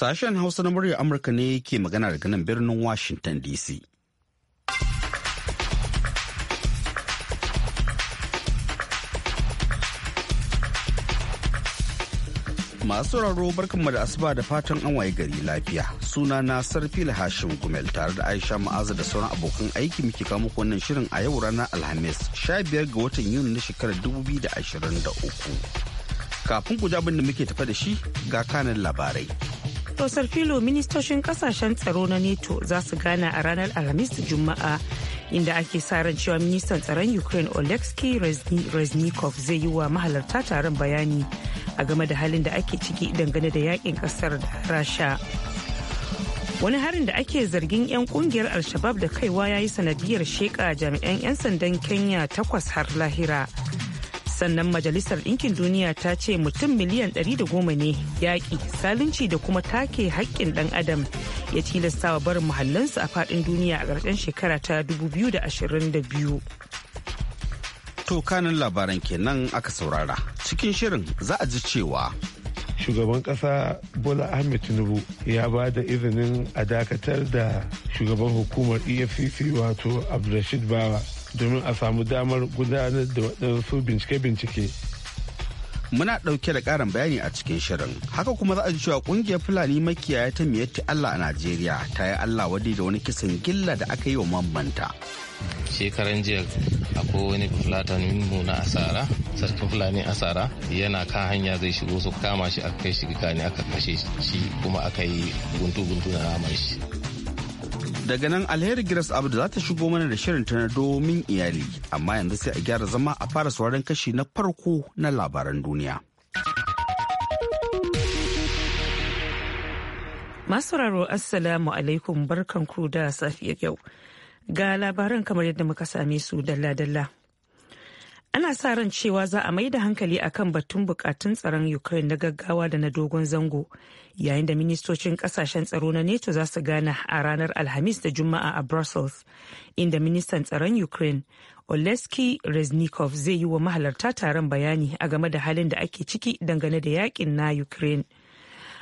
Sashen Hausa na muryar Amurka ne ke magana daga nan birnin Washington DC. Masu raro barkanmu da asuba da fatan an waye gari lafiya. Suna na Sarfila Hashim Gumel tare da Aisha Ma'aza da sauran abokan aiki muke kawo muku wannan shirin a yau ranar Alhamis 15 ga watan Yuni na shekarar 2023. Kafin ku jabin da muke tafa da shi ga kanan labarai. tosar filo ministocin kasashen tsaro na neto za su gana a ranar alhamis juma'a inda ake sa ran cewa ministan tsaron ukraine oleksiy reznikov zai yi wa mahalarta taron bayani a game da halin da ake ciki dangane da yakin kasar da rasha wani harin da ake zargin 'yan kungiyar alshabab da kaiwa ya yi sanadiyar sheka jami'an 'yan sandan kenya takwas har lahira sannan majalisar ɗinkin duniya ta ce mutum miliyan 110 ne yaƙi salunci da kuma take haƙƙin ɗan adam ya tilasta wa barin muhallinsu a faɗin duniya a ƙarshen shekara ta 2022 to kanin labaran kenan aka saurara cikin shirin za a ji cewa shugaban ƙasa bola ahmed tinubu ya ba da izinin a dakatar da shugaban hukumar efcc wato abdulrashid bawa domin a samu damar gudanar da waɗansu bincike-bincike muna ɗauke da ƙarin bayani a cikin shirin haka kuma za a ji cewa ƙungiyar fulani makiyaya ta miyatti allah a najeriya ta yi allah wadai da wani kisan gilla da aka yi wa mambanta shekaran jiya akwai wani fulatanin mu na asara sarkin fulani asara yana kan hanya zai shigo su kama shi aka kai shi ne aka kashe shi kuma aka yi guntu-guntu na amashi. Daga nan alheri Grace Abdu za ta shigo mana da shirin ta na domin iyali, amma yanzu sai a gyara zama a fara sauran kashi na farko na labaran duniya. sauraro Assalamu alaikum barkan ku da safiyar yau. Ga labaran kamar yadda muka same su dalla-dalla. ana sa ran cewa za a mai da hankali a kan batun bukatun tsaron ukraine na gaggawa da na dogon zango yayin da ministocin kasashen tsaro na neto za su gana a ranar alhamis da juma'a a brussels inda ministan tsaron ukraine oleski reznikov zai yi wa mahalarta taron bayani a game da halin da ake ciki dangane da yakin na ukraine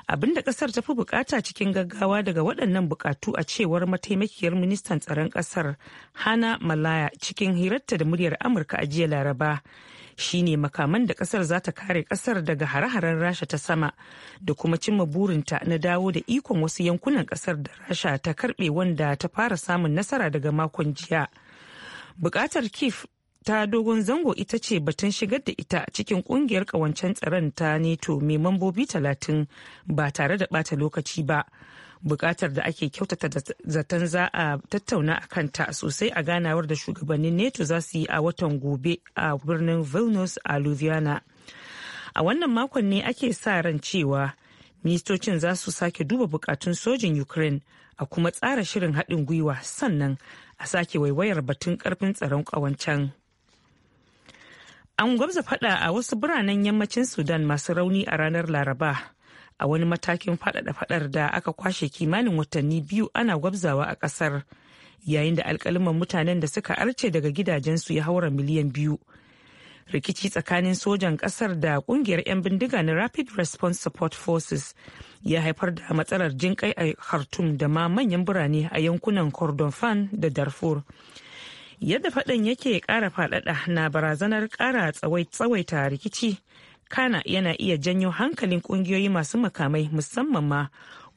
Abin da kasar ta fi bukata cikin gaggawa daga waɗannan bukatu a cewar mataimakiyar ministan tsaron kasar hana malaya cikin hirarta da muryar amurka a jiya laraba shine makaman da kasar za ta kare kasar daga hare-haren rasha ta sama da kuma cimma burinta na dawo da ikon wasu yankunan kasar da rasha ta karbe wanda ta fara samun nasara daga makon jiya bukatar kif ta dogon zango ita ce batun shigar da ita cikin kungiyar kawancen tsaron ta neto mai mambobi talatin ba tare da bata lokaci ba bukatar da ake kyautata zaton za a tattauna a kanta sosai a ganawar da shugabannin neto za su yi a watan gobe a birnin vilnius a luviana a wannan makon ne ake sa ran cewa ministocin za su sake duba bukatun sojin ukraine a kuma tsara shirin haɗin gwiwa sannan a sake waiwayar batun karfin tsaron ƙawancen. An gwabza faɗa a wasu biranen yammacin Sudan masu rauni a ranar Laraba. A wani matakin faɗaɗa faɗar da aka kwashe kimanin watanni biyu ana gwabzawa a ƙasar. Yayin da alkaliman mutanen da suka arce daga gidajensu ya haura miliyan biyu. Rikici tsakanin sojan ƙasar da ƙungiyar 'yan bindiga na Rapid Response Support Forces ya haifar da matsalar jinƙai a Khartoum da ma manyan birane a yankunan Kordofan da Darfur. yadda faɗin yake ƙara faɗaɗa na barazanar ƙara tsawaita rikici kana yana iya janyo hankalin ƙungiyoyi masu makamai musamman ma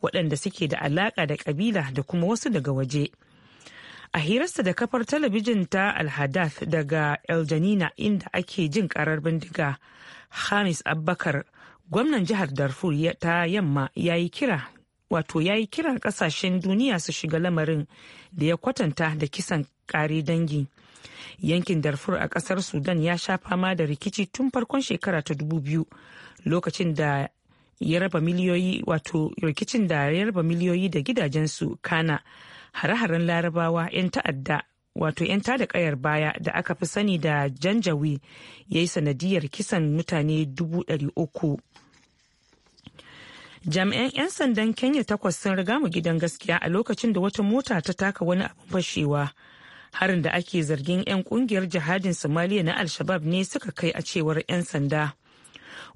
waɗanda suke da alaƙa da ƙabila da kuma wasu daga waje a hirarsa da kafar talabijin ta alhadaf daga eljanina inda ake jin karar bindiga hamis abbakar gwamnan jihar darfur ta yamma ya yi kira wato ya yi kiran kasashen duniya su shiga lamarin da ya kwatanta da kisan kare dangi yankin darfur a ƙasar sudan ya sha fama da rikici tun farkon shekara ta 2000 lokacin da ya raba miliyoyi wato rikicin da ya raba miliyoyi da gidajensu kana hare-haren larabawa 'yan ta'adda wato 'yan tada kayar baya da aka fi sani da janjawi ya yi sanadiyar kisan mutane 300 jami'an 'yan sandan kenya takwas sun riga mu gidan gaskiya a lokacin da wata mota ta taka wani abin fashewa harin da ake zargin 'yan kungiyar jihadin somaliya na al-shabab ne suka kai a cewar 'yan sanda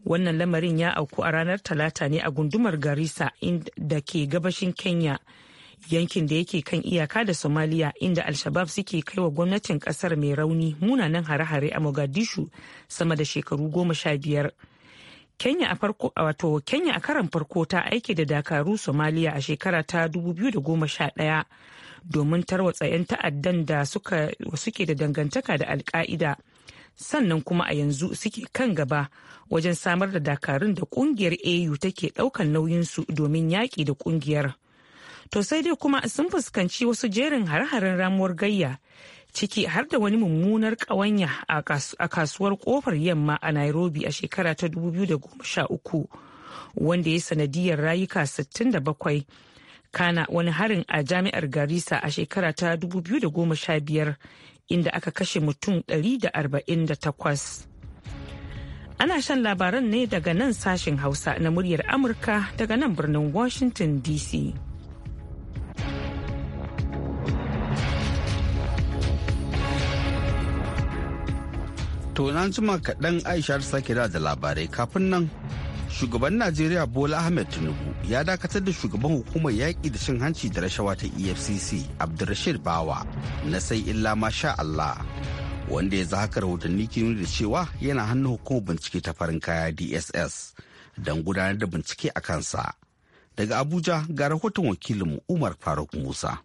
wannan lamarin ya auku a ranar talata ne a gundumar garissa da ke gabashin kenya yankin da yake kan iyaka da somaliya inda al-shabab suke kai wa gwamnatin kasar mai rauni munanan hare-hare a mogadishu sama da shekaru goma sha biyar kenya a farko wato kenya a karan farko ta aiki da dakaru somaliya a shekara ta 2011 domin tarwatsa 'yan ta'addan da suke da dangantaka da alka'ida sannan kuma a yanzu suke kan gaba wajen samar da dakarun da kungiyar au take daukan nauyinsu domin yaƙi da kungiyar to sai dai kuma sun fuskanci wasu jerin har-haren ramuwar gayya ciki har da wani mummunar ƙawanya a kasuwar kofar yamma a nairobi a shekara ta 2013 wanda ya sanadiyar rayuka 67 kana wani harin a jami'ar garissa a shekara ta 2015 inda aka kashe mutum 148 ana shan labaran ne daga nan sashen hausa na muryar amurka daga nan birnin washington dc to na jima kaɗan aisha sake da labarai kafin nan shugaban najeriya bola ahmed tinubu ya dakatar da shugaban hukumar yaƙi da cin hanci da rashawa ta efcc abdulrashid bawa na sai illa masha allah wanda ya haka rahotanni ke nuna da cewa yana hannu hukumar bincike ta farin kaya dss don gudanar da bincike a kansa daga abuja ga rahoton wakilinmu umar faruk musa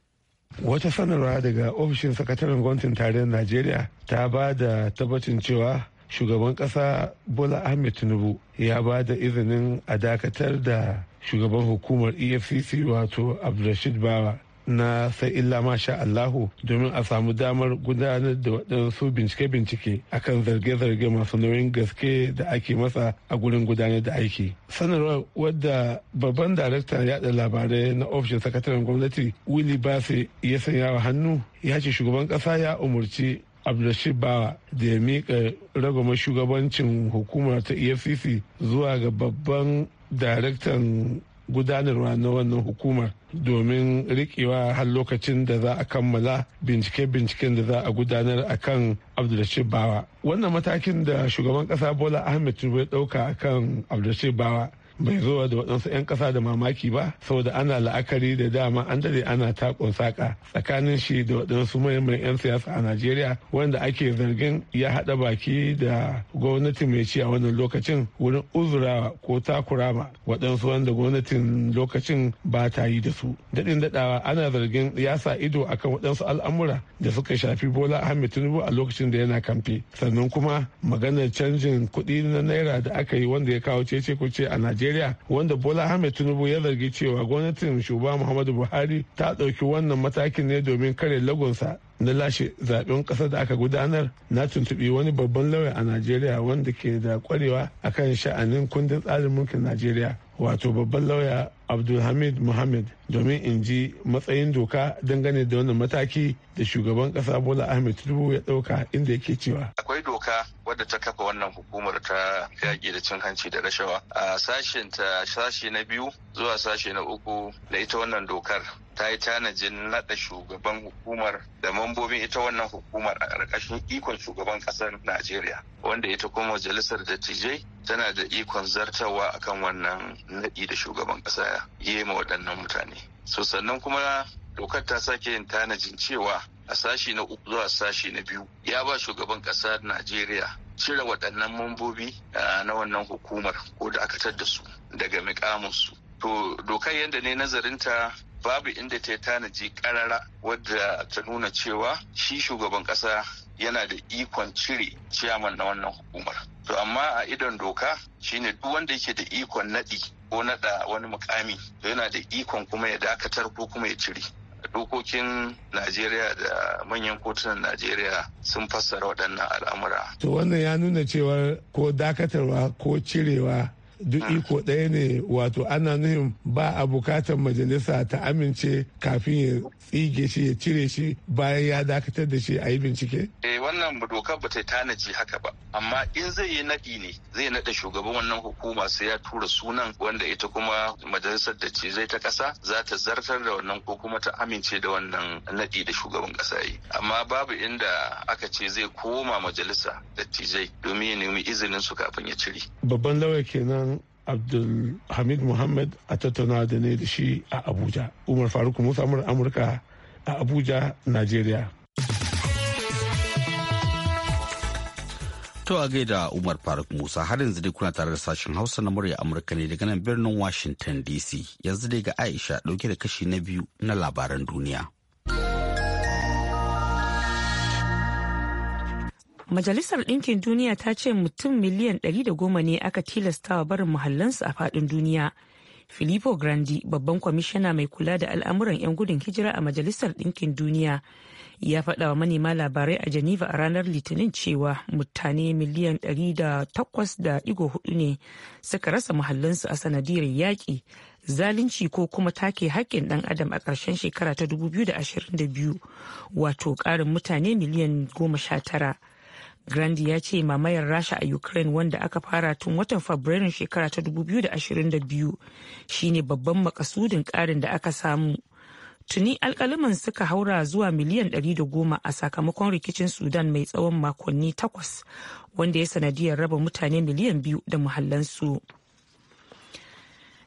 wata sanarwa daga ofishin sakataren gwamnatin tarayyar najeriya ta ba da tabbacin cewa shugaban kasa bola ahmed tinubu ya ba da izinin a dakatar da shugaban hukumar efcc wato abdulrashid bawa na sai illa masha Allahu domin a samu damar gudanar da waɗansu bincike-bincike akan zarge-zarge masu nauyin gaske da ake masa a gurin gudanar da aiki. Sanarwar wadda babban daraktan yada labarai na ofishin sakataren gwamnati Willy basu ya sanya wa hannu ya ce shugaban ƙasa ya umarci abdulrashid bawa da ya miƙa ragama shugabancin hukumar ta efcc zuwa ga babban daraktan gudanarwa na wannan hukumar domin riƙewa har lokacin da za a kammala bincike-binciken da za a gudanar a kan abdulrashid bawa wannan matakin da shugaban ƙasa bola ahmed tinubu ya ɗauka a kan abdulrashid bawa bai zo da waɗansu 'yan ƙasa da mamaki ba saboda ana la'akari da dama an dade ana takon saka tsakanin shi da waɗansu mahimman 'yan siyasa a najeriya wanda ake zargin ya haɗa baki da gwamnati mai ci a wannan lokacin wurin uzura ko takurama waɗansu wanda gwamnatin lokacin ba ta yi da su daɗin daɗawa ana zargin ya sa ido akan waɗansu al'amura da suka shafi bola ahmed tinubu a lokacin da yana kamfe sannan kuma maganar canjin kuɗi na naira da aka yi wanda ya kawo cece kuce a najeriya najeriya wanda bola ahmed tinubu ya zargi cewa gwamnatin shugaba muhammadu buhari ta ɗauki wannan matakin ne domin kare lagonsa na lashe zaben ƙasar da aka gudanar na tuntubi wani babban lauya a najeriya wanda ke da kwarewa akan sha'anin kundin tsarin mulkin najeriya wato babban lauya abdulhamid muhammad domin in ji matsayin doka dangane da wannan mataki da shugaban ƙasa bola ahmed tinubu ya dauka inda yake cewa wadda ta kafa wannan hukumar ta yaƙi da cin hanci da rashawa a sashen ta sashe na biyu zuwa sashe na uku da ita wannan dokar ta yi tanajin naɗa shugaban hukumar da mambobin ita wannan hukumar a ƙarƙashin ikon shugaban ƙasar Najeriya wanda ita kuma majalisar dattijai tana da ikon zartawa akan wannan naɗi da shugaban ƙasa ya ma waɗannan mutane. So sannan kuma dokar ta sake yin tanajin cewa a sashi na uku zuwa sashi na biyu ya ba shugaban ƙasar Najeriya cire waɗannan mambobi ah, na wannan hukumar ko da aka da su daga mikamunsu. to dokar yadda ne nazarinta babu inda ta tanaji karara wadda ta nuna cewa shi shugaban ƙasa yana da ikon cire ciyaman na wannan hukumar to amma a idon doka shine duk wanda yake da ikon naɗi ko naɗa wani mukami yana da ikon kuma ya dakatar ko kuma ya cire dokokin najeriya da manyan kotunan najeriya sun fassara waɗannan al'amura to wannan ya nuna cewa ko dakatarwa ko cirewa duk ah. iko ɗaya ne wato ana nuhin ba a bukatar majalisa ta amince kafin ya tsige shi ya cire shi bayan ya dakatar da shi a yi bincike? Eh wannan dokar ba ta tanaji haka ba amma in zai yi naɗi ne zai naɗa shugaban wannan hukuma sai ya tura sunan wanda ita kuma majalisar da ce zai ta ƙasa za ta zartar da wannan ko kuma ta amince da wannan naɗi da shugaban ƙasa yi amma babu inda aka ce zai koma majalisa da tijai domin ya nemi izinin su kafin ya cire. Babban lauya kenan abdulhamid muhammad a tattauna da ne da shi a abuja umar faruk musa amurka a abuja najeriya To a gaida Umar Faruk Musa har yanzu dai kuna tare da sashen Hausa na murya Amurka ne daga nan birnin Washington DC yanzu dai ga Aisha dauke da kashi na biyu na labaran duniya. Majalisar Ɗinkin Duniya ta ce mutum miliyan 110 ne aka tilastawa barin muhallansu a faɗin duniya. Filippo Grandi, babban kwamishina mai kula da al'amuran 'yan gudun hijira a Majalisar Ɗinkin Duniya, ya faɗa wa manema labarai a Geneva a ranar Litinin cewa mutane miliyan 108.4 ne suka rasa muhallansu a sanadiyar yaƙi, zalunci ko kuma take haƙƙin ɗan adam a ƙarshen shekara ta 2022, wato ƙarin mutane miliyan 19. Grandi ya ce mamayar Rasha a Ukraine wanda aka fara tun watan Fabrairun shekara ta 2022 shine babban makasudin ƙarin da aka samu. Tuni alkaliman suka haura zuwa miliyan 110 a sakamakon rikicin Sudan mai tsawon makonni takwas wanda ya sanadiyar raba mutane miliyan biyu da muhallansu.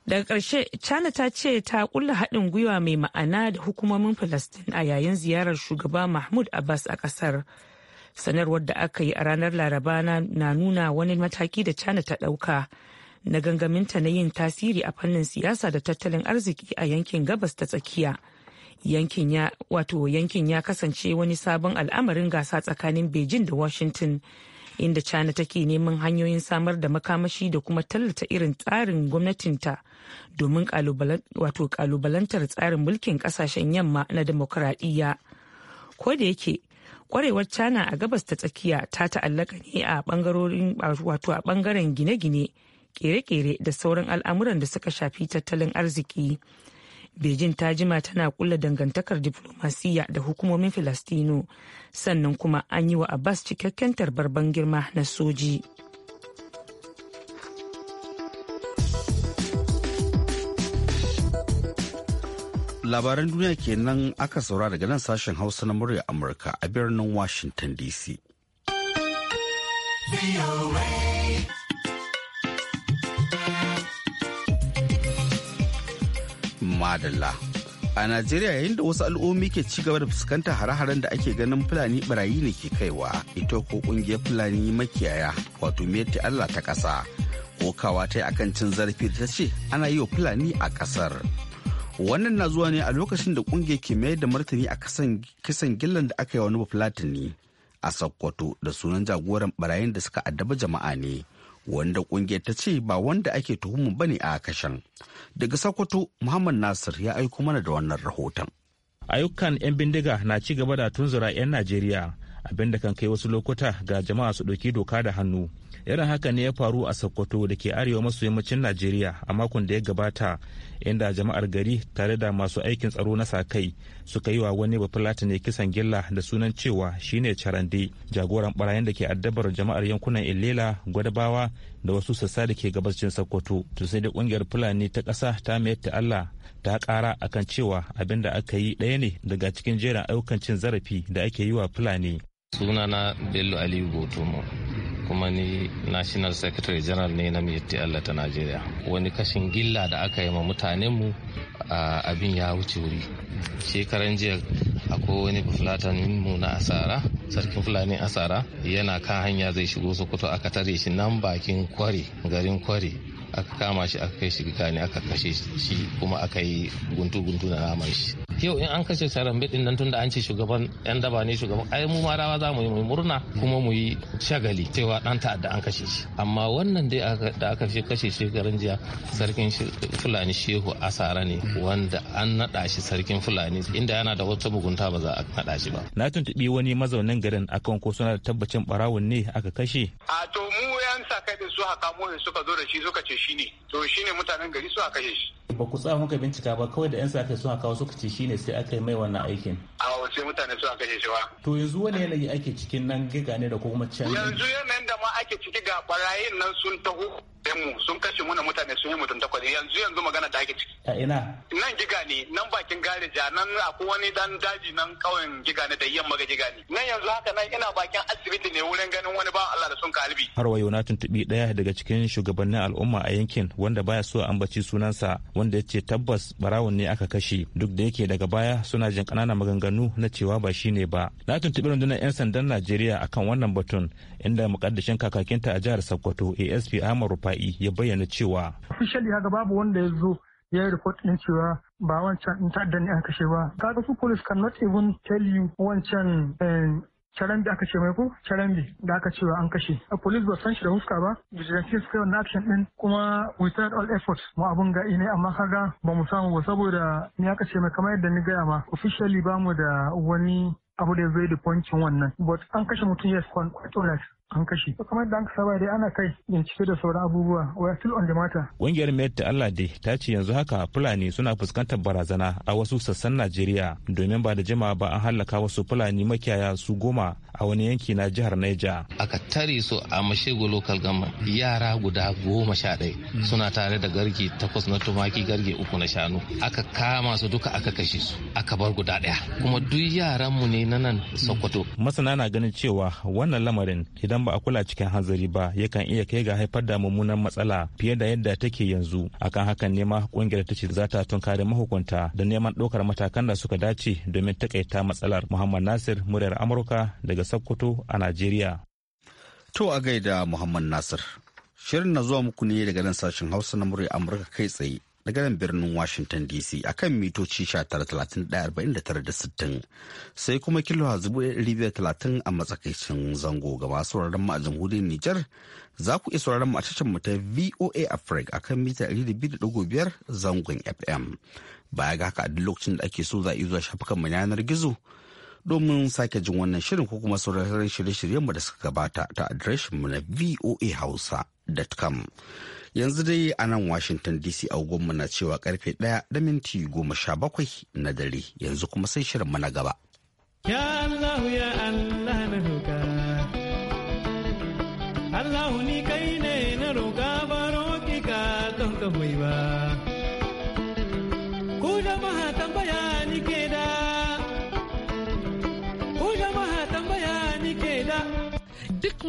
daga ƙarshe china ta ce ta ƙulla haɗin gwiwa mai ma'ana da hukumomin Falastin a yayin ziyarar shugaba mahmud abbas a ƙasar sanarwar da aka yi a ranar laraba na nuna wani mataki da china ta ɗauka na gangaminta na yin tasiri a fannin siyasa da tattalin arziki a yankin gabas ta tsakiya yankin ya wato yankin ya kasance wani sabon al'amarin gasa tsakanin beijing da washington inda china take neman hanyoyin samar da makamashi da kuma tallata irin tsarin gwamnatinta domin kalubalantar tsarin mulkin kasashen yamma na demokuraɗiyya ko da yake kwarewar china a gabas ta tsakiya ta ta'allaka ne a bangarorin wato a bangaren gine-gine kere-kere da sauran al'amuran da suka shafi tattalin arziki beijing ta jima tana kulla dangantakar diflomasiyya da hukumomin filastino sannan kuma an yi wa abbas cikakken tarbar ban girma na soji. labaran duniya kenan aka saura daga nan sashen hausa na murya amurka a birnin washington dc madalla a najeriya yayin da wasu al'ummi ke ci gaba da fuskantar hare-haren da ake ganin fulani barayi ne ke kaiwa ita ko kungiyar fulani makiyaya wato meti allah ta ƙasa kokawa ta yi akan cin zarafi da ta ce ana yi wa fulani a ƙasar Wannan na zuwa ne a lokacin da kungiyar ke mayar da martani a kisan gillan da aka yi wani Bafulatani a Sokoto da sunan jagoran barayin da suka addaba jama'a ne. Wanda kungiyar ta ce ba wanda ake tuhumin ne a kashen. Daga Sokoto, Muhammad Nasir ya aiko mana da wannan rahoton. Ayyukan 'yan bindiga na ci gaba da tunzura 'yan Najeriya abinda kan kai wasu lokuta ga jama'a su ɗauki doka da hannu irin haka ne ya faru a sokoto da ke arewa maso yammacin najeriya a makon da ya gabata inda jama'ar gari tare da masu aikin tsaro na sakai suka yi wa wani bafulata ne kisan gilla da sunan cewa shine carande jagoran barayin da ke addabar jama'ar yankunan illela gwadabawa da wasu sassa da ke gabashin sokoto to sai da kungiyar fulani ta ƙasa ta mayar ta allah ta ƙara akan cewa abin da aka yi ɗaya ne daga cikin jerin ayyukan cin zarafi da ake yi wa fulani sunana bello aliyu gotomo kuma ni national secretary general ne na miyatti allah ta najeriya wani kashin gilla da aka yi ma mutanenmu abin ya wuce wuri shekaran jiya akwai wani fulatanin mu na asara sarkin fulani asara yana kan hanya zai shigo sokoto aka tare shi nan bakin kwari garin kwari aka kama shi aka kai shi gani aka kashe shi kuma aka yi guntu-guntu na naman shi yau in an kashe sharan ɗin nan da an ce shugaban yan daba ne shugaban ai mu ma rawa za mu yi murna kuma mu yi shagali cewa dan ta'adda an kashe shi amma wannan dai da aka fi kashe shi garin jiya sarkin fulani shehu asara ne hmm. wanda an naɗa shi sarkin fulani inda yana da wata mugunta ba za a naɗa shi ba na tuntubi wani mazaunin garin akan ko suna da tabbacin barawun ne aka kashe a to mu sa kai da su haka mu suka zo da shi suka ce shine to shine mutanen gari su haka shi ba ku tsaya muka bincika ba kawai da yan sa kai sun haka suka ce shine sai aka yi mai wannan aikin a sai mutane su haka shi wa to yanzu wani yanayi ake cikin nan giga ne da ko kuma can yanzu yanayin da ma ake ciki ga barayin nan sun taho mu sun kashe muna mutane sun yi mutum takwas yanzu yanzu magana da ake ciki a ina nan giga ne nan bakin garija nan akwai wani dan daji nan kawai giga ne da yamma ga giga ne nan yanzu haka nan ina bakin asibiti ne wurin Albi. Har wayo na tuntuɓi ɗaya daga cikin shugabannin al'umma a yankin wanda baya so ambaci sunansa wanda ya ce tabbas barawon ne aka kashe duk da yake daga baya suna jin ƙananan maganganu na cewa ba shi ne ba. Na tuntubi rundunar 'yan sandan Najeriya akan wannan batun inda mukaddashin kakakinta a jihar Sokoto ASP Ahmad Rufa'i ya bayyana cewa. Officially haka babu wanda ya zo ya yi report din cewa ba wancan in ta'adda ne an kashe ba. Kaga su police cannot even tell you wancan eh, da aka ce mai ko Charambi da aka cewa an kashe. A police ba san shi da huska ba, vigilante suka yi wannan action din kuma without all efforts mu abun ga ne amma kaga ba mu samu ba saboda ni aka ce mai kamar yadda ni gaya ma officially ba mu da wani abu da zai da poncin wannan but an kashe mutum yes quite honest an kashe kamar dan saba dai ana kai cike da sauran abubuwa wa still on the matter ƙungiyar mayar da Allah dai ta ce yanzu haka fulani suna fuskantar barazana a wasu sassan Najeriya domin ba da jama'a ba an hallaka wasu fulani makiyaya su goma a wani yanki na jihar Niger aka tare su a Mashego local government yara guda goma sha ɗaya mm. suna tare da garge takwas na tumaki garge uku na shanu aka kama su duka aka kashe su aka bar guda ɗaya kuma duk yaran mu ne na nan Sokoto masana na ganin cewa wannan lamarin idan idan ba a kula cikin hanzari ba yakan iya kai ga haifar da mummunan matsala fiye da yadda take yanzu akan hakan ne ma kungiyar ta ce za ta tunkari mahukunta da neman ɗaukar matakan da suka dace domin takaita matsalar muhammad nasir muryar amurka daga sokoto a najeriya to a gaida muhammad nasir shirin na zuwa muku ne daga nan sashen hausa na muryar amurka kai tsaye na garin birnin Washington DC a kan mitoci 19,31,49,60 sai kuma kilo a 1,530 a matsakaicin zango ga masu sauraron mu a jamhuriyar Nijar za ku iya sauraron mu a tashar mu ta VOA Africa a kan mita 200.5 zangon FM. Baya ga haka a duk lokacin da ake so za a yi zuwa shafukan mu yanar gizo domin sake jin wannan shirin ko kuma sauraron shirye-shiryen mu da suka gabata ta adireshin mu na voahausa.com. yanzu dai a nan washington dc agogonmu na cewa karfe ɗaya da minti goma sha bakwai na dare yanzu kuma sai shirinmu na gaba ya allah ya allah na roka allah ni kai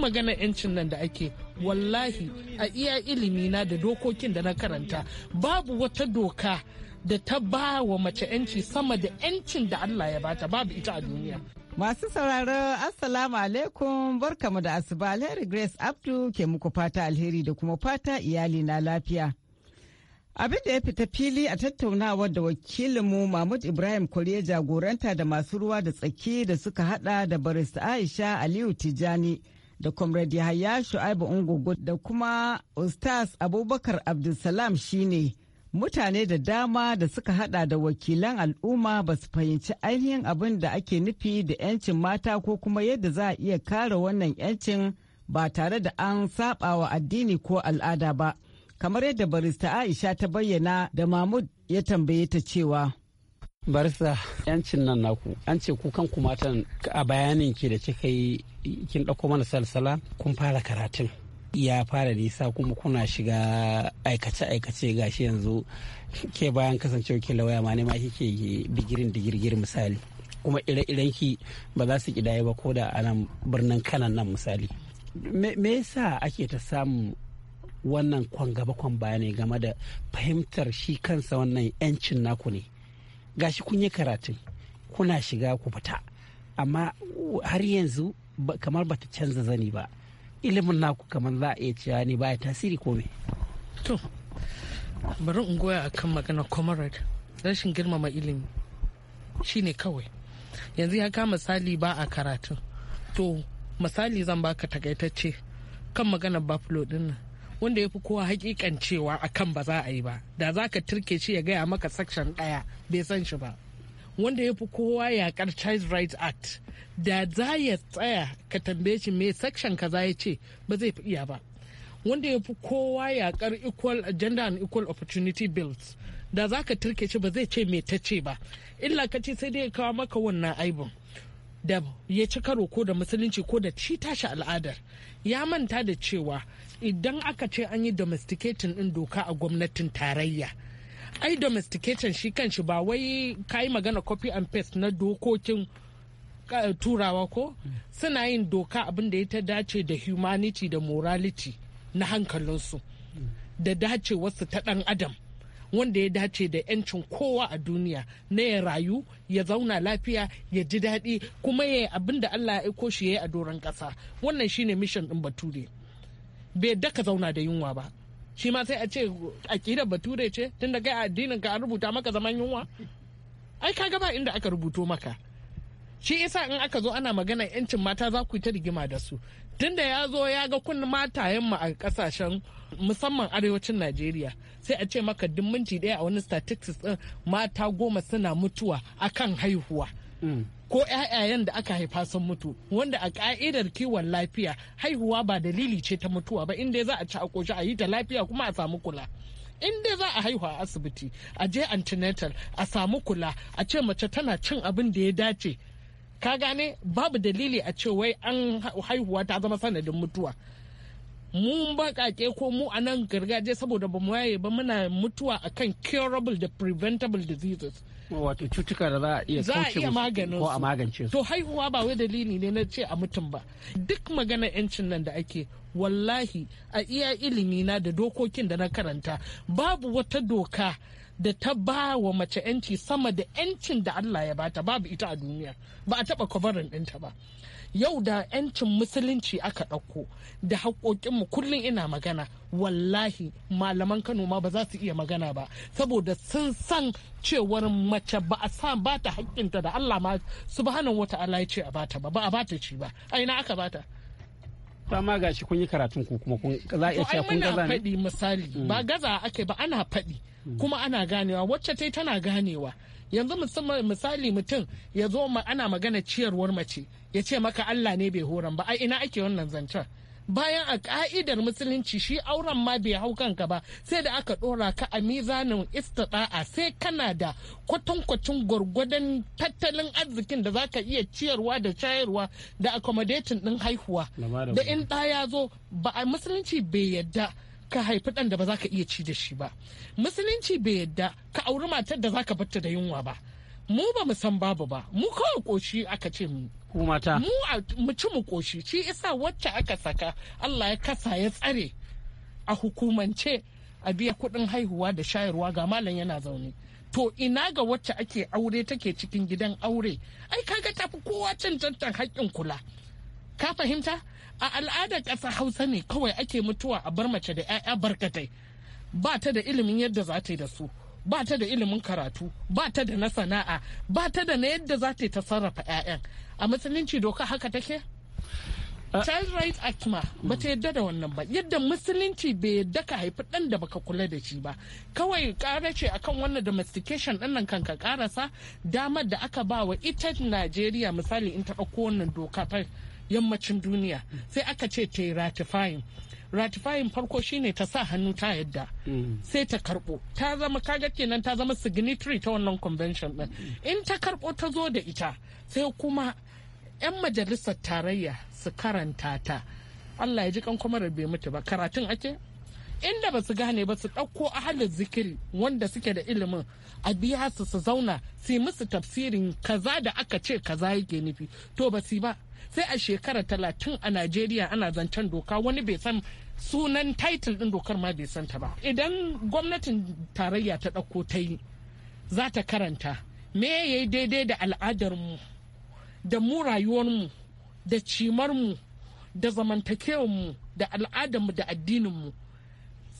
magana 'yancin nan da ake wallahi a iya ilimi na da dokokin da na karanta babu wata doka da ta ba wa mace 'yanci sama da 'yancin da Allah ya bata babu ita a duniya. Masu sauraro Assalamu alaikum barkamu da asuba Alheri Grace Abdu ke muku fata alheri da kuma fata iyali na lafiya. Abin da ya fita fili a tattaunawar da wakilinmu Mahmud Ibrahim Kore jagoranta da masu ruwa da tsaki da suka hada da barista Aisha Aliyu Tijani da comrade yahaya shu'aibu ungugu da kuma ustaz abubakar abdulsalam shine mutane da dama da suka hada da wakilan al'umma ba su fahimci ainihin abin da ake nufi da 'yancin mata ko kuma yadda za a iya kare wannan 'yancin ba tare da an saba wa addini ko al'ada ba kamar yadda barista aisha ta bayyana da mahmud ya tambaye ta cewa barista yancin nan naku an ce kukan kan a bayanin ke da kika kin ɗauko mana salsala kun fara karatun ya fara nisa kuma kuna shiga aikace-aikace gashi yanzu ke bayan kasancewa ke lauya ma ne ma kike digirin digirgir misali kuma ire-iren ki ba za su kidaye ba ko da a birnin kanan nan misali me yasa ake ta samun wannan kwan gaba game da fahimtar shi kansa wannan yancin naku ne gashi kun yi karatun kuna shiga ku fita amma har yanzu kamar bata canza zani ba ilimin naku kamar za a iya cewa ne baya tasiri ko me to bari in goya akan magana comrade rashin girmama ilimi shine kawai yanzu ya ka misali ba a karatu to misali zan baka takaitacce kan maganar buffalo din nan wanda ya fi kowa hakikan cewa akan ba za a yi ba da za ka turke shi ya gaya maka section daya bai san shi ba wanda ya fi kowa yakar child rights act da za ya tsaya ka tambaye shi me section kaza ya ce ba zai fi iya ba wanda ya fi kowa yakar equal gender and equal opportunity bills da za ka turke shi ba zai ce mai ta ce ba illa ka ce sai dai ya kawo maka wannan aibin da ya ci karo ko da musulunci ko da ci tashi al'adar ya manta da cewa idan aka ce an yi domesticating din doka a gwamnatin tarayya ai domestication shi kan shi ba wai kayi magana copy and paste na dokokin eh, turawa ko suna yin doka abin da ya ta dace da humanity da morality na hankalinsu da dace wasu ta dan adam wanda ya dace da 'yancin kowa a duniya na ya rayu ya zauna lafiya ya ji daɗi kuma ya abin da allah ya aiko shi ya yi a doron ƙasa wannan shine mission ɗin bature bai daka zauna da yunwa ba shi ma sai a ce aƙidar bature ce tun da kai addinin ka an rubuta maka zaman yunwa ai ka gaba inda aka rubuto maka shi isa in aka zo ana magana yancin mata za ku yi ta rigima da su tunda ya zo ya ga kun matayen mu a kasashen musamman arewacin najeriya sai a ce maka duk minti daya a wani statistics din mata goma suna mutuwa akan haihuwa mm. ko 'ya'yayen da aka haifa sun mutu wanda a ka'idar kiwon lafiya haihuwa ba dalili ce ta mutuwa ba inda za a ci a koshi a yi ta lafiya kuma a samu kula in dai za a haihu a asibiti a je antenatal a samu kula a ce mace tana cin abin da ya dace ka gane babu dalili a ce wai an haihuwa ta zama sanadin mutuwa mu bakake ko mu a nan gargajiya saboda ba mu waye ba muna mutuwa akan curable da preventable diseases wato cutuka da za a iya za a maganin a magance su to haihuwa ba wai dalili ne na ce a mutum ba duk magana yancin nan da ake wallahi a iya ilimi na da dokokin da na karanta babu wata doka da ta ba wa mace yanci sama da yancin da Allah ya bata babu ita a duniya ba a taba kwabarin ɗinta ba yau da 'yancin musulunci aka ɗauko da haƙoƙinmu kullum ina magana wallahi malaman kano ma ba za su iya magana ba saboda sun san cewar mace ba a sa ba ta haƙƙinta da allah ma su ba hannun wata ala ya ce a bata ba ba a bata ci ba aina aka bata ta ma gashi kun yi karatun ku kuma kun za a iya cewa kun gaza ne faɗi misali ba mm. gaza ake ba ana faɗi mm. kuma ana ganewa wacce tai tana ganewa yanzu musamman misali mutum ya zo ana magana ciyarwar mace ya ce maka Allah ne bai horan ba a ina ake wannan zancen bayan a ka'idar musulunci shi auren ma bai hau kanka ba sai da aka dora ka a mizanin istida'a sai kana da kwatankwacin gwargwadon tattalin arzikin da za ka iya ciyarwa da shayarwa da accommodating din haihuwa da in ɗaya zo ba a musulunci bai yadda ka haifi ɗan da ba za ka iya ci da shi ba musulunci bai yadda ka auri matar da za ka batta da yunwa ba mu ba mu san babu ba mu kawai koshi aka ce mu kumata mu mu ci mu koshi shi isa wacce aka saka Allah ya kasa ya tsare a hukumance a biya kuɗin haihuwa da shayarwa ga malam yana zaune to ina ga wacce ake aure take cikin gidan aure ai kaga tafi kowa cancantan haƙƙin kula ka fahimta a al'adar ƙasa hausa ne kawai ake mutuwa a bar mace da 'ya'ya barkatai ba ta da ilimin yadda za ta yi da su ba ta da ilimin karatu ba ta da na sana'a ba ta da na yadda za ta yi ta sarrafa 'ya'yan a musulunci doka haka take child right act ma ba ta yadda da wannan ba yadda musulunci bai yadda ka haifi dan da baka kula da shi ba kawai ƙara ce akan wannan domestication ɗannan nan kan ka ƙarasa damar da aka ba wa ita najeriya misali in ta ɗauko wannan doka yammacin duniya sai aka ce ta yi ratifayin ratifayin farko shine ta sa hannu ta yadda mm. sai ta karbo ta zama kaga kenan ta zama signatory ta wannan convention din in ta karbo ta zo da ita sai kuma 'yan majalisar tarayya su karanta ta Allah ya ji kan kuma bai mutu ba karatun ake inda ba su gane ba su ɗauko ahalin zikiri wanda suke da ilimin a biya su su zauna su yi musu tafsirin kaza da aka ce kaza yake nufi to ba su ba sai a shekara talatin a najeriya ana zancen doka wani bai san sunan title ɗin dokar ma bai santa ba idan gwamnatin tarayya ta ɗauko ta yi za ta karanta me ya yi daidai da al'adarmu da mu rayuwarmu da cimarmu da zamantakewarmu da al'adarmu da addininmu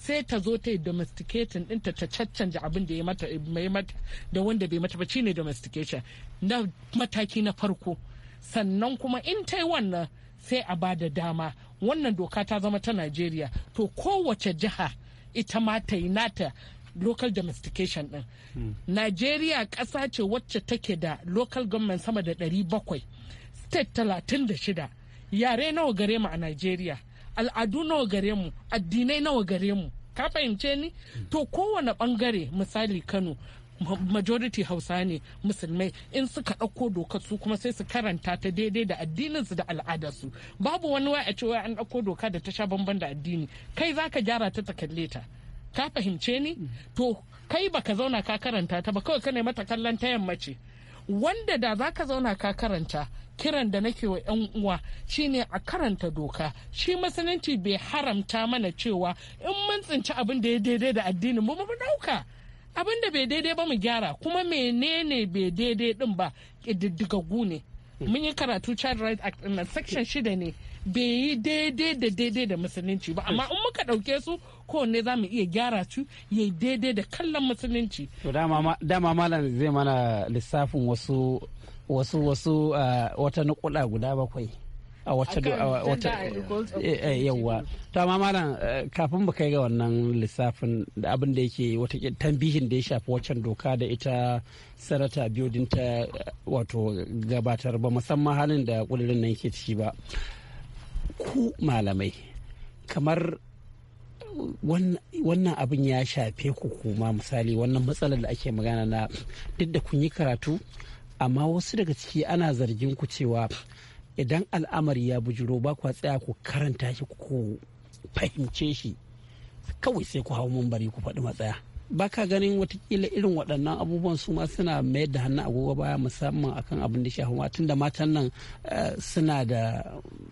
sai ta zo ta yi domesticating ɗinta ta caccanja abin da ya mata da wanda bai mata ba shine domestication na mataki na farko sannan kuma in ta yi wannan sai a ba da dama wannan doka ta zama ta najeriya to kowace jiha ita ma ta yi nata local domestication din hmm. najeriya ƙasa ce wacce take da local government sama da 700 state 36 yare nawa gare mu a najeriya al'adu nawa gare mu addinai nawa gare mu ka fahimce ni hmm. to kowane bangare misali kano majority hausa ne musulmai in suka ɗauko dokar su kuma sai su karanta ta daidai da addininsu da al'adarsu babu wani waya a ce an ɗauko doka da ta sha bamban da addini kai za ka gyara ta ta kalle ta ka fahimce ni mm. to kai baka zauna ka karanta ta ba kawai ka mata kallon ta yammace wanda da za ka zauna ka karanta kiran da nake wa 'yan uwa shine a karanta doka shi musulunci bai haramta mana cewa in mun tsinci abin da ya daidai da addinin mu mu dauka abin da bai daidai ba mu gyara kuma menene bai daidai din ba ƙididdigaggu ne mun yi karatu child right act na section shida ne bai yi daidai da daidai da musulunci ba amma in muka ɗauke su ne za mu iya gyara su ya yi daidai da kallon musulunci dama malam zai mana lissafin wasu wasu wasu ah, wata nukula guda bakwai a wata eh, eh, yawwa to amma malam eh, kafin ba kai ga wannan lissafin da abin da yake wata tambihin da ya shafi waccan doka da ita sarata biyu ta wato gabatar ba musamman halin da kudirin nan yake ciki ba ku malamai kamar wannan abin ya shafe ku kuma misali wannan matsalar da ake magana na duk da kun yi karatu amma wasu daga ciki ana zargin ku cewa idan al'amari ya bujiro ba kwa tsaya ku karanta shi ku fahimce shi kawai sai ku hau mambari ku faɗi matsaya ba ka ganin watakila irin waɗannan abubuwan su ma suna mayar da hannu agogo baya musamman akan abin da shafi matan da matan nan eh, suna da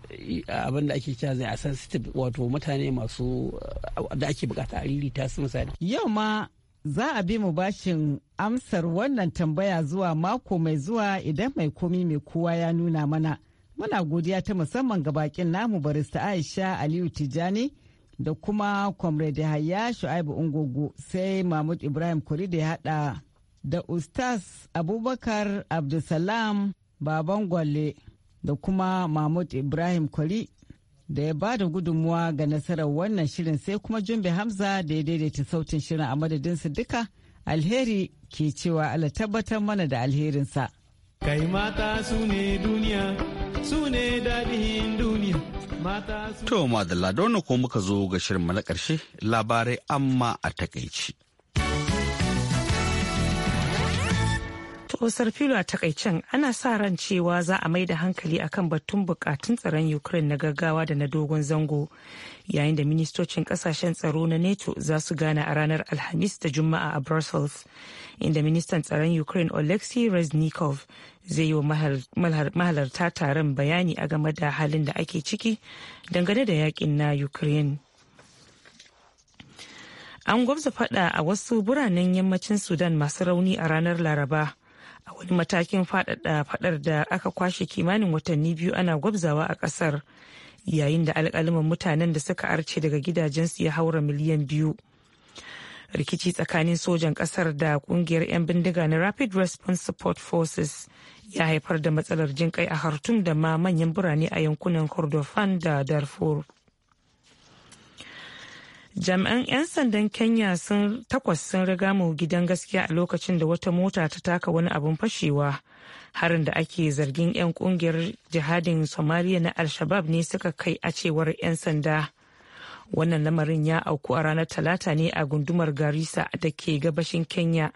eh, abin da ake cewa a sensitive wato mutane masu eh, da ake bukata a ta su misali yau ma za a bi mu bashin amsar wannan tambaya zuwa mako mai zuwa idan mai komi mai kowa ya nuna mana Muna godiya ta musamman ga bakin namu barista Aisha Aliyu Tijani da kuma Comrade Hayya Shu'aibu Ungogo sai Mahmud Ibrahim Kuri da ya hada da Ustaz Abubakar Abdulsalam Baban Gwale da kuma Mahmud Ibrahim Kuri da ya ba da gudunmuwa ga nasarar wannan shirin sai kuma Jumbe Hamza da ya daidaita sautin shirin a madadinsu duka alheri ke cewa ala tabbatar mana da alherinsa. Kai mata su ne duniya, su ne daɗin duniya. mata su ne To, Madalla, da ko muka zo ga shirin na ƙarshe labarai amma a takaici. Osar filo a takaicen ana sa ran cewa za a mai da hankali akan batun bukatun tsaron Ukraine na gaggawa da na dogon zango yayin da ministocin kasashen tsaro na NATO za su gana a ranar Alhamis da Juma'a a Brussels inda ministan tsaron Ukraine Oleksiy Reznikov zai yi wa mahalarta taron bayani a game da halin da ake ciki dangane da yakin na Ukraine. an gwamza fada a wasu biranen yammacin sudan masu rauni a ranar laraba a wani matakin faɗaɗa faɗar da aka kwashe kimanin watanni biyu ana gwabzawa a ƙasar yayin da alkalaman mutanen da suka arce daga gidajensu ya haura miliyan biyu rikici tsakanin sojan ƙasar da ƙungiyar 'yan bindiga na rapid response support forces ya haifar da matsalar jinƙai a hartum da ma manyan birane a yankunan kordofan da darfur jami'an 'yan sandan kenya sun takwas sun riga mu gidan gaskiya a lokacin da wata mota ta taka wani abun fashewa harin da ake zargin 'yan kungiyar jihadin somaliya na al-shabab ne suka kai a cewar 'yan sanda wannan lamarin ya auku a ranar talata ne a gundumar garisa da ke gabashin kenya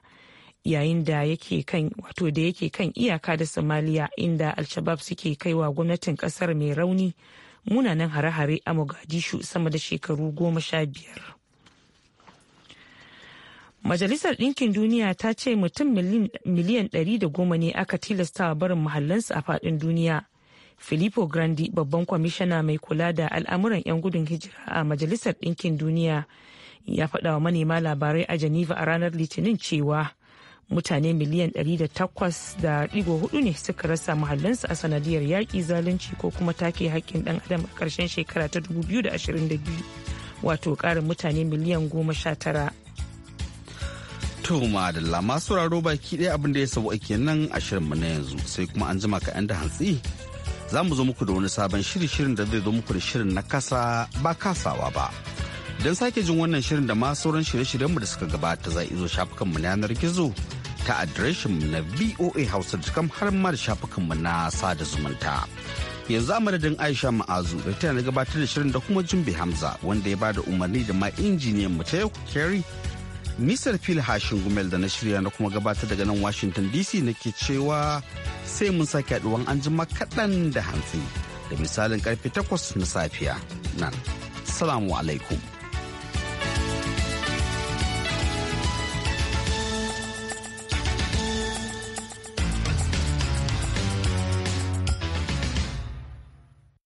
yayin da yake kan wato da yake kan iyaka da somaliya inda al-shabab suke kaiwa gwamnatin kasar mai rauni munanan hare-hare a mogadishu sama da shekaru goma sha biyar majalisar ɗinkin duniya ta ce mutum miliyan ɗari da goma ne aka tilasta barin mahallansu a faɗin duniya filippo grandi babban kwamishina mai kula da al'amuran 'yan gudun hijira a majalisar ɗinkin duniya ya faɗawa manema labarai a geneva a ranar litinin cewa mutane miliyan 800.4 ne suka rasa mahallinsu a sanadiyar yaƙi zalunci ko kuma take haƙƙin ɗan adam a ƙarshen shekara ta 2022 wato ƙarin mutane miliyan 19 To madalla masu sauraro baki ɗaya abin da ya sabu ake nan a shirin shirinmu na yanzu sai kuma an jima ka da hantsi za mu zo muku da wani sabon shiri-shirin da zai zo muku da shirin na kasa ba kasawa ba. Don sake jin wannan shirin da masu sauran shirye-shiryenmu da suka gabata za izo shafukanmu na yanar gizo ta adireshinmu na voa hausa kam har ma da shafukanmu na sada zumunta. Yanzu a madadin Aisha Ma'azu da ta gabatar da shirin da kuma Jumbi Hamza wanda ya bada umarni da ma injiniyan mu ta yau Kerry. misar fil hashin gumel da na shirya na kuma gabatar daga nan Washington DC nake cewa sai mun sake haɗuwan an jima kaɗan da hantsi da misalin karfe takwas na safiya nan. Salamu alaikum.